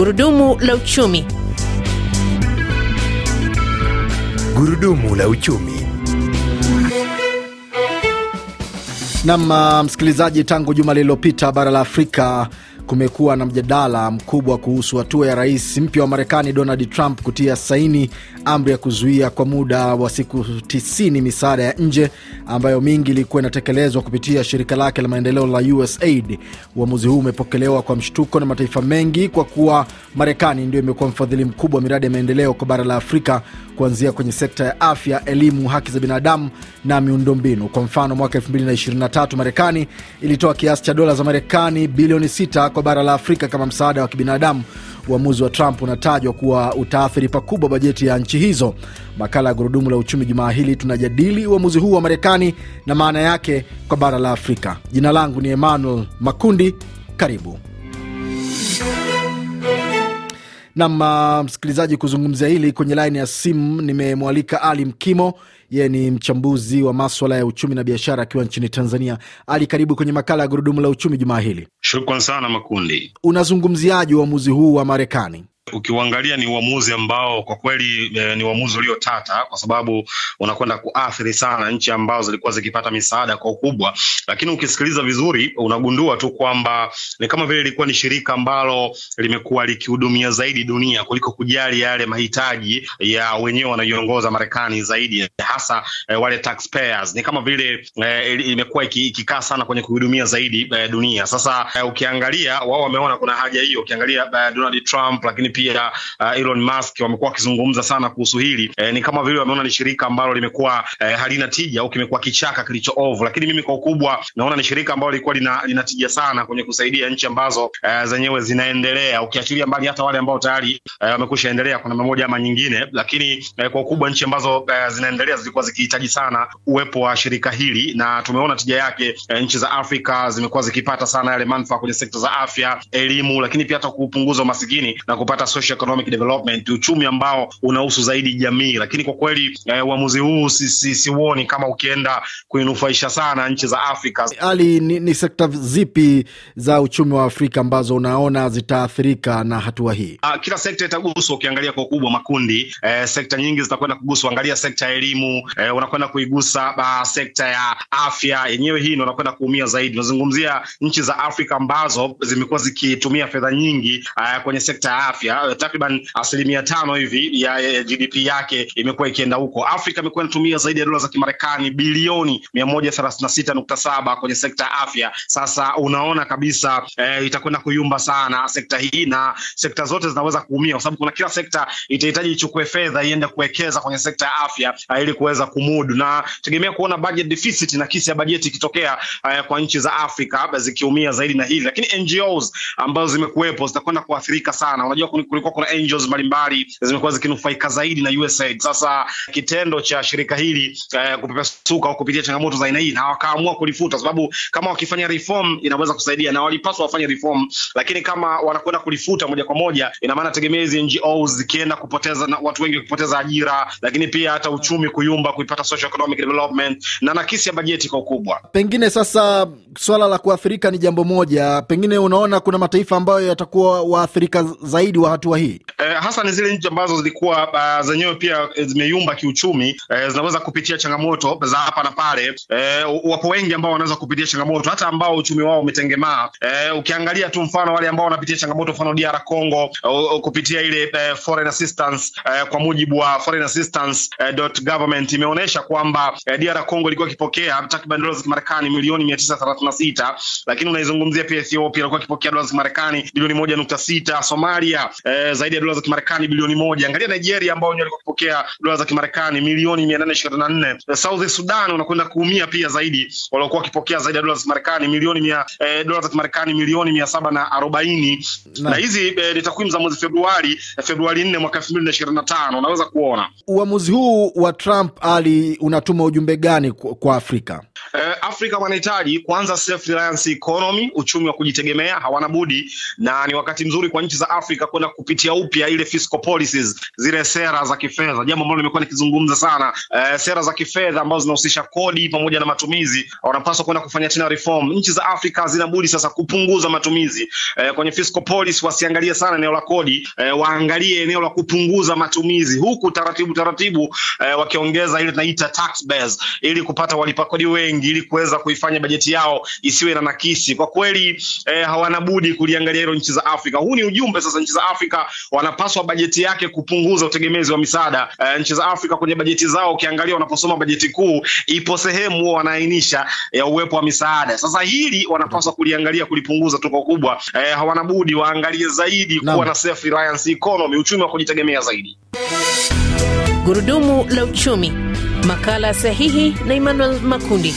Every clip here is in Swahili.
Gurudumu la uchumi. Gurudumu la uchumi. Nam uh, msikilizaji, tangu juma lililopita bara la Afrika kumekuwa na mjadala mkubwa kuhusu hatua ya rais mpya wa Marekani Donald Trump kutia saini amri ya kuzuia kwa muda wa siku 90 misaada ya nje ambayo mingi ilikuwa inatekelezwa kupitia shirika lake la maendeleo la USAID. Uamuzi huu umepokelewa kwa mshtuko na mataifa mengi kwa kuwa Marekani ndio imekuwa mfadhili mkubwa wa miradi ya maendeleo kwa bara la Afrika, kuanzia kwenye sekta ya afya, elimu, haki za binadamu na miundombinu. Kwa mfano, mwaka 2023 Marekani ilitoa kiasi cha dola za Marekani bilioni 6 kwa bara la Afrika kama msaada wa kibinadamu, uamuzi wa Trump unatajwa kuwa utaathiri pakubwa bajeti ya nchi hizo. Makala ya Gurudumu la Uchumi jumaa hili tunajadili uamuzi huu wa Marekani na maana yake kwa bara la Afrika. Jina langu ni Emmanuel Makundi, karibu. Nam uh, msikilizaji, kuzungumzia hili kwenye laini ya simu nimemwalika Ali Mkimo, yeye ni mchambuzi wa maswala ya uchumi na biashara akiwa nchini Tanzania. Ali, karibu kwenye makala ya gurudumu la uchumi jumaa hili. Shukran sana Makundi. Unazungumziaje uamuzi huu wa Marekani? ukiuangalia ni uamuzi ambao kwa kweli e, ni uamuzi uliotata kwa sababu unakwenda kuathiri sana nchi ambazo zilikuwa zikipata misaada kwa ukubwa, lakini ukisikiliza vizuri unagundua tu kwamba ni kama vile ilikuwa ni shirika ambalo limekuwa likihudumia zaidi dunia kuliko kujali yale mahitaji ya wenyewe wanaiongoza Marekani zaidi hasa e, wale taxpayers. Ni kama vile e, imekuwa ikikaa sana kwenye kuhudumia zaidi e, dunia. Sasa e, ukiangalia wao wameona kuna haja hiyo, ukiangalia e, Donald Trump lakini pia uh, Elon Musk wamekuwa wakizungumza sana kuhusu hili e, ni kama vile wameona ni shirika ambalo limekuwa eh, halina tija au kimekuwa kichaka kilicho ovu, lakini mimi kwa ukubwa naona ni shirika ambalo lilikuwa lina, lina tija sana kwenye kusaidia nchi ambazo eh, zenyewe zinaendelea, ukiachilia mbali hata wale ambao tayari eh, wamekwisha endelea kwa namna moja ama nyingine, lakini eh, kwa ukubwa nchi ambazo eh, zinaendelea zilikuwa zikihitaji sana uwepo wa shirika hili na tumeona tija yake. Eh, nchi za Afrika zimekuwa zikipata sana yale manufaa kwenye sekta za afya, elimu, lakini pia hata kupunguza umasikini na kupata hata socio economic development, uchumi ambao unahusu zaidi jamii. Lakini kwa kweli eh, uamuzi huu siuoni si, kama ukienda kuinufaisha sana nchi za Afrika. Ali, ni, ni sekta zipi za uchumi wa Afrika ambazo unaona zitaathirika na hatua hii? Ah, kila sekta itaguswa. Ukiangalia kwa ukubwa makundi, eh, sekta nyingi zitakwenda kuguswa. Angalia sekta ya elimu, eh, unakwenda kuigusa ah, sekta ya afya yenyewe, hii ndio unakwenda kuumia zaidi. Unazungumzia nchi za Afrika ambazo zimekuwa zikitumia fedha nyingi ah, kwenye sekta ya afya Asia, takriban asilimia tano hivi ya GDP yake imekuwa ikienda huko. Afrika imekuwa inatumia zaidi ya dola za Kimarekani bilioni mia moja thelathini na sita nukta saba kwenye sekta ya afya. Sasa unaona kabisa eh, itakwenda kuyumba sana sekta hii, na sekta zote zinaweza kuumia, kwa sababu kuna kila sekta itahitaji ichukue fedha iende kuwekeza kwenye sekta ya afya eh, ili kuweza kumudu, na tegemea kuona budget deficit na kisi ya bajeti ikitokea eh, kwa nchi za Afrika zikiumia zaidi na hili, lakini NGOs ambazo zimekuwepo zitakwenda kuathirika sana. Unajua kulikuwa kuna angels mbalimbali zimekuwa zikinufaika zaidi na USAID. Sasa kitendo cha shirika hili eh, kupepesuka au kupitia changamoto za aina hii, na wakaamua kulifuta, sababu kama wakifanya reform inaweza kusaidia, na walipaswa wafanye reform, lakini kama wanakwenda kulifuta moja kwa moja, ina maana tegemezi NGOs zikienda kupoteza na watu wengi kupoteza ajira, lakini pia hata uchumi kuyumba, kuipata social economic development na nakisi ya bajeti kwa ukubwa. Pengine sasa swala la kuathirika ni jambo moja, pengine unaona kuna mataifa ambayo yatakuwa waathirika zaidi wa hatua hii? e, hasa ni zile nchi ambazo zilikuwa uh, zenyewe pia eh, zimeyumba kiuchumi, e, zinaweza kupitia changamoto za hapa na pale. e, wapo wengi ambao wanaweza kupitia changamoto hata ambao uchumi wao umetengemaa. e, ukiangalia tu mfano wale ambao wanapitia changamoto, mfano DR Congo, uh, kupitia ile uh, foreign assistance uh, kwa mujibu wa foreign assistance uh, dot government imeonyesha kwamba DR Congo ilikuwa ikipokea takriban dola za Kimarekani milioni mia tisa na sita, lakini unaizungumzia pia Ethiopia ilikuwa ikipokea dola za Kimarekani bilioni moja nukta sita Somalia eh, zaidi ya dola za Kimarekani bilioni moja. Angalia Nigeria ambao wenyewe walikuwa kupokea dola za Kimarekani milioni mia nane ishirini na nne. Eh, South Sudan wanakwenda kuumia pia zaidi, waliokuwa wakipokea zaidi ya dola za Kimarekani milioni mia eh, dola za Kimarekani milioni mia saba na arobaini na hizi eh, ni takwimu za mwezi Februari eh, Februari nne mwaka 2025. na ishirini na tano. Unaweza kuona uamuzi huu wa Trump ali unatuma ujumbe gani kwa Afrika? eh, Afrika wanahitaji kwanza self reliance economy, uchumi wa kujitegemea, hawana budi, na ni wakati mzuri kwa nchi za Afrika kwenda kupitia upya ile fiscal policies, zile sera za kifedha, jambo ambalo nimekuwa nikizungumza sana. e, sera za kifedha ambazo zinahusisha kodi pamoja na matumizi, wanapaswa kwenda kufanya tena reform. Nchi za Afrika hazina budi sasa kupunguza matumizi e, kwenye fiscal policy, wasiangalie sana eneo la kodi e, waangalie eneo la kupunguza matumizi, huku taratibu taratibu e, wakiongeza ile tunaita tax base ili kupata walipa kodi wengi ili kuweza kuifanya bajeti yao isiwe na nakisi. Kwa kweli eh, hawanabudi kuliangalia hilo nchi za Afrika. Huu ni ujumbe sasa, nchi za Afrika wanapaswa bajeti yake kupunguza utegemezi wa misaada. Eh, nchi za Afrika kwenye bajeti zao ukiangalia, wanaposoma bajeti kuu ipo sehemu wanaainisha ya eh, uwepo wa misaada. Sasa hili wanapaswa kuliangalia kulipunguza tuko kubwa. Eh, hawanabudi waangalie zaidi kuwa na self reliance economy, uchumi wa kujitegemea zaidi. Gurudumu la uchumi. Makala sahihi na Emmanuel Makundi.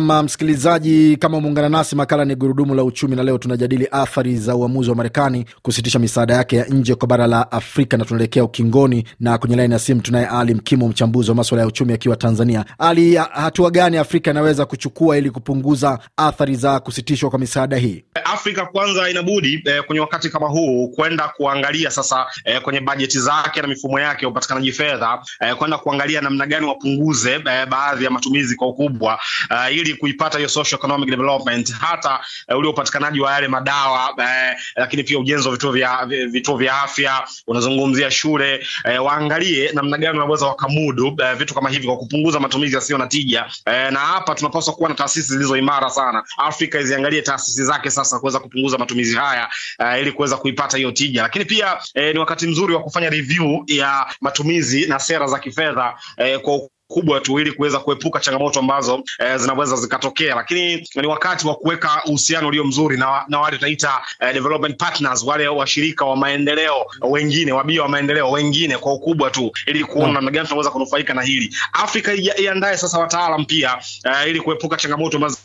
Nam msikilizaji, kama umeungana nasi, makala ni gurudumu la uchumi, na leo tunajadili athari za uamuzi wa Marekani kusitisha misaada yake ya nje kwa bara la Afrika, na tunaelekea ukingoni, na kwenye laini ya simu tunaye Ali Mkimo, mchambuzi wa maswala ya uchumi akiwa Tanzania. Ali, hatua gani Afrika inaweza kuchukua ili kupunguza athari za kusitishwa kwa misaada hii? Afrika kwanza inabudi eh, kwenye wakati kama huu kwenda kuangalia sasa eh, kwenye bajeti zake na mifumo yake ya upatikanaji fedha eh, kwenda kuangalia namna gani wapunguze eh, baadhi ya matumizi kwa ukubwa eh, ili kuipata hiyo social economic development, hata uh, ule upatikanaji wa yale madawa uh, lakini pia ujenzi wa vituo vya vituo vya afya, unazungumzia shule uh, waangalie namna gani wanaweza wakamudu uh, vitu kama hivi kwa kupunguza matumizi yasiyo na tija uh, na hapa tunapaswa kuwa na taasisi zilizo imara sana. Afrika iziangalie taasisi zake sasa kuweza kupunguza matumizi haya uh, ili kuweza kuipata hiyo tija, lakini pia uh, ni wakati mzuri wa kufanya review ya matumizi na sera za kifedha uh, kwa kubwa tu, ili kuweza kuepuka changamoto ambazo e, zinaweza zikatokea, lakini ni wakati wa kuweka uhusiano ulio mzuri na, na wale tunaita eh, development partners, wale washirika wa maendeleo wengine, wabia wa maendeleo wengine kwa ukubwa tu, ili kuona mm. namna gani tunaweza kunufaika na hili. Afrika iandae sasa wataalam pia eh, ili kuepuka changamoto ambazo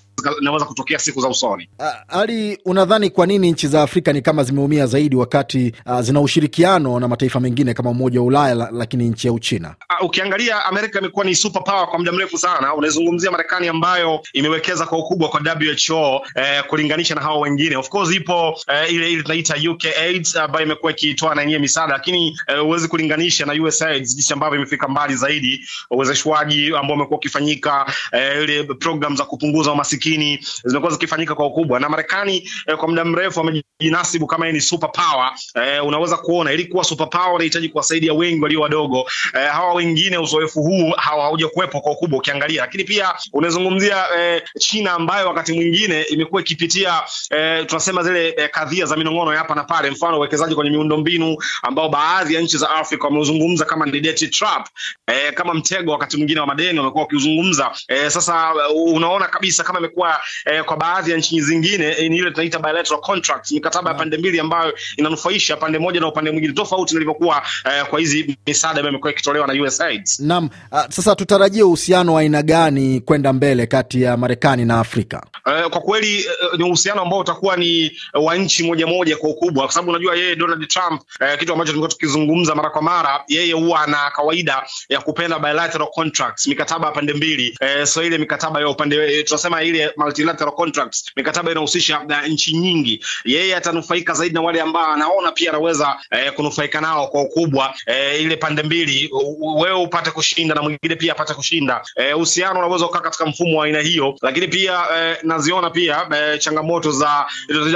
inaweza kutokea siku za usoni. Ah, Ali, unadhani kwa nini nchi za Afrika ni kama zimeumia zaidi wakati uh, zina ushirikiano na mataifa mengine kama Umoja wa Ulaya la, lakini nchi ya Uchina? Uh, ukiangalia Amerika imekuwa ni super power kwa muda mrefu sana. Unaizungumzia Marekani ambayo imewekeza kwa ukubwa kwa WHO eh, kulinganisha na hao wengine. Of course ipo eh, ile ile tunaita UK AIDS ambayo imekuwa ikitoa na yenyewe misaada, lakini eh, huwezi eh, kulinganisha na USAID jinsi ambavyo imefika mbali zaidi, uwezeshwaji ambao umekuwa ukifanyika, eh, ile program za kupunguza umasikini umaskini zimekuwa zikifanyika kwa ukubwa, na Marekani eh, kwa muda mrefu amejinasibu kama ni super power eh, unaweza kuona ilikuwa super power inahitaji kuwasaidia wengi walio wadogo eh, hawa wengine uzoefu huu hauja kuwepo kwa ukubwa ukiangalia, lakini pia unazungumzia eh, China ambayo wakati mwingine imekuwa ikipitia eh, tunasema zile eh, kadhia za minongono hapa na pale, mfano uwekezaji kwenye miundombinu ambao baadhi ya nchi za Afrika wameuzungumza kama ni debt trap eh, kama mtego wakati mwingine wa madeni wamekuwa wakiuzungumza eh, sasa eh, unaona kabisa kama isipokuwa eh, kwa baadhi ya nchi zingine eh, ile tunaita bilateral contracts, mikataba ya pande mbili ambayo inanufaisha pande moja na upande mwingine, tofauti na ilivyokuwa eh, kwa hizi misaada ambayo imekuwa ikitolewa na USAID. Naam, ah, sasa tutarajie uhusiano wa aina gani kwenda mbele kati ya Marekani na Afrika? Eh, kwa kweli eh, ni uhusiano ambao utakuwa ni eh, wa nchi moja moja kwa ukubwa, kwa sababu unajua yeye Donald Trump uh, kitu ambacho tumekuwa tukizungumza mara kwa mara, yeye huwa ana kawaida ya kupenda bilateral contracts, mikataba ya pande mbili uh, so ile mikataba ya upande uh, tunasema ile multilateral contracts, mikataba inahusisha uh, nchi nyingi. Yeye atanufaika zaidi na wale ambao anaona pia anaweza uh, kunufaika nao kwa ukubwa uh, ile pande mbili, uh, wewe upate kushinda na mwingine pia apate kushinda. Uhusiano unaweza ukaa katika mfumo wa aina hiyo, lakini pia uh, na wanaziona pia e, changamoto za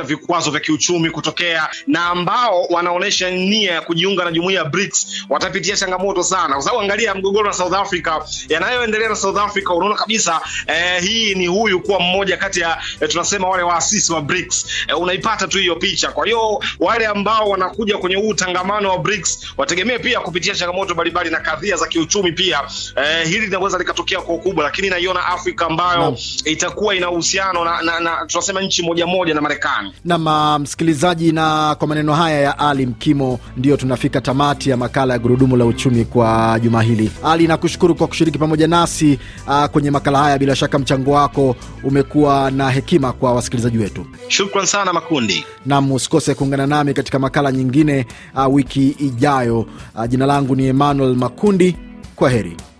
a vikwazo vya kiuchumi kutokea na ambao wanaonesha nia ya kujiunga na jumuiya ya BRICS watapitia changamoto sana, kwa sababu angalia mgogoro na South Africa, yanayoendelea na South Africa, unaona kabisa e, hii ni huyu kuwa mmoja kati ya e, tunasema wale waasisi wa BRICS e, unaipata tu hiyo picha. Kwa hiyo wale ambao wanakuja kwenye huu tangamano wa BRICS wategemee pia kupitia changamoto mbalimbali na kadhia za kiuchumi pia. E, hili linaweza likatokea kwa ukubwa, lakini naiona Afrika ambayo no. itakuwa ina uhusiano uhusiano na, na, na tunasema nchi moja moja na Marekani. Nam ah, msikilizaji, na kwa maneno haya ya Ali Mkimo ndiyo tunafika tamati ya makala ya Gurudumu la Uchumi kwa juma hili. Ali, nakushukuru kwa kushiriki pamoja nasi a, ah, kwenye makala haya. Bila shaka mchango wako umekuwa na hekima kwa wasikilizaji wetu. Shukran sana Makundi. Nam usikose kuungana nami katika makala nyingine a, ah, wiki ijayo. jina langu ni Emmanuel Makundi. Kwa heri.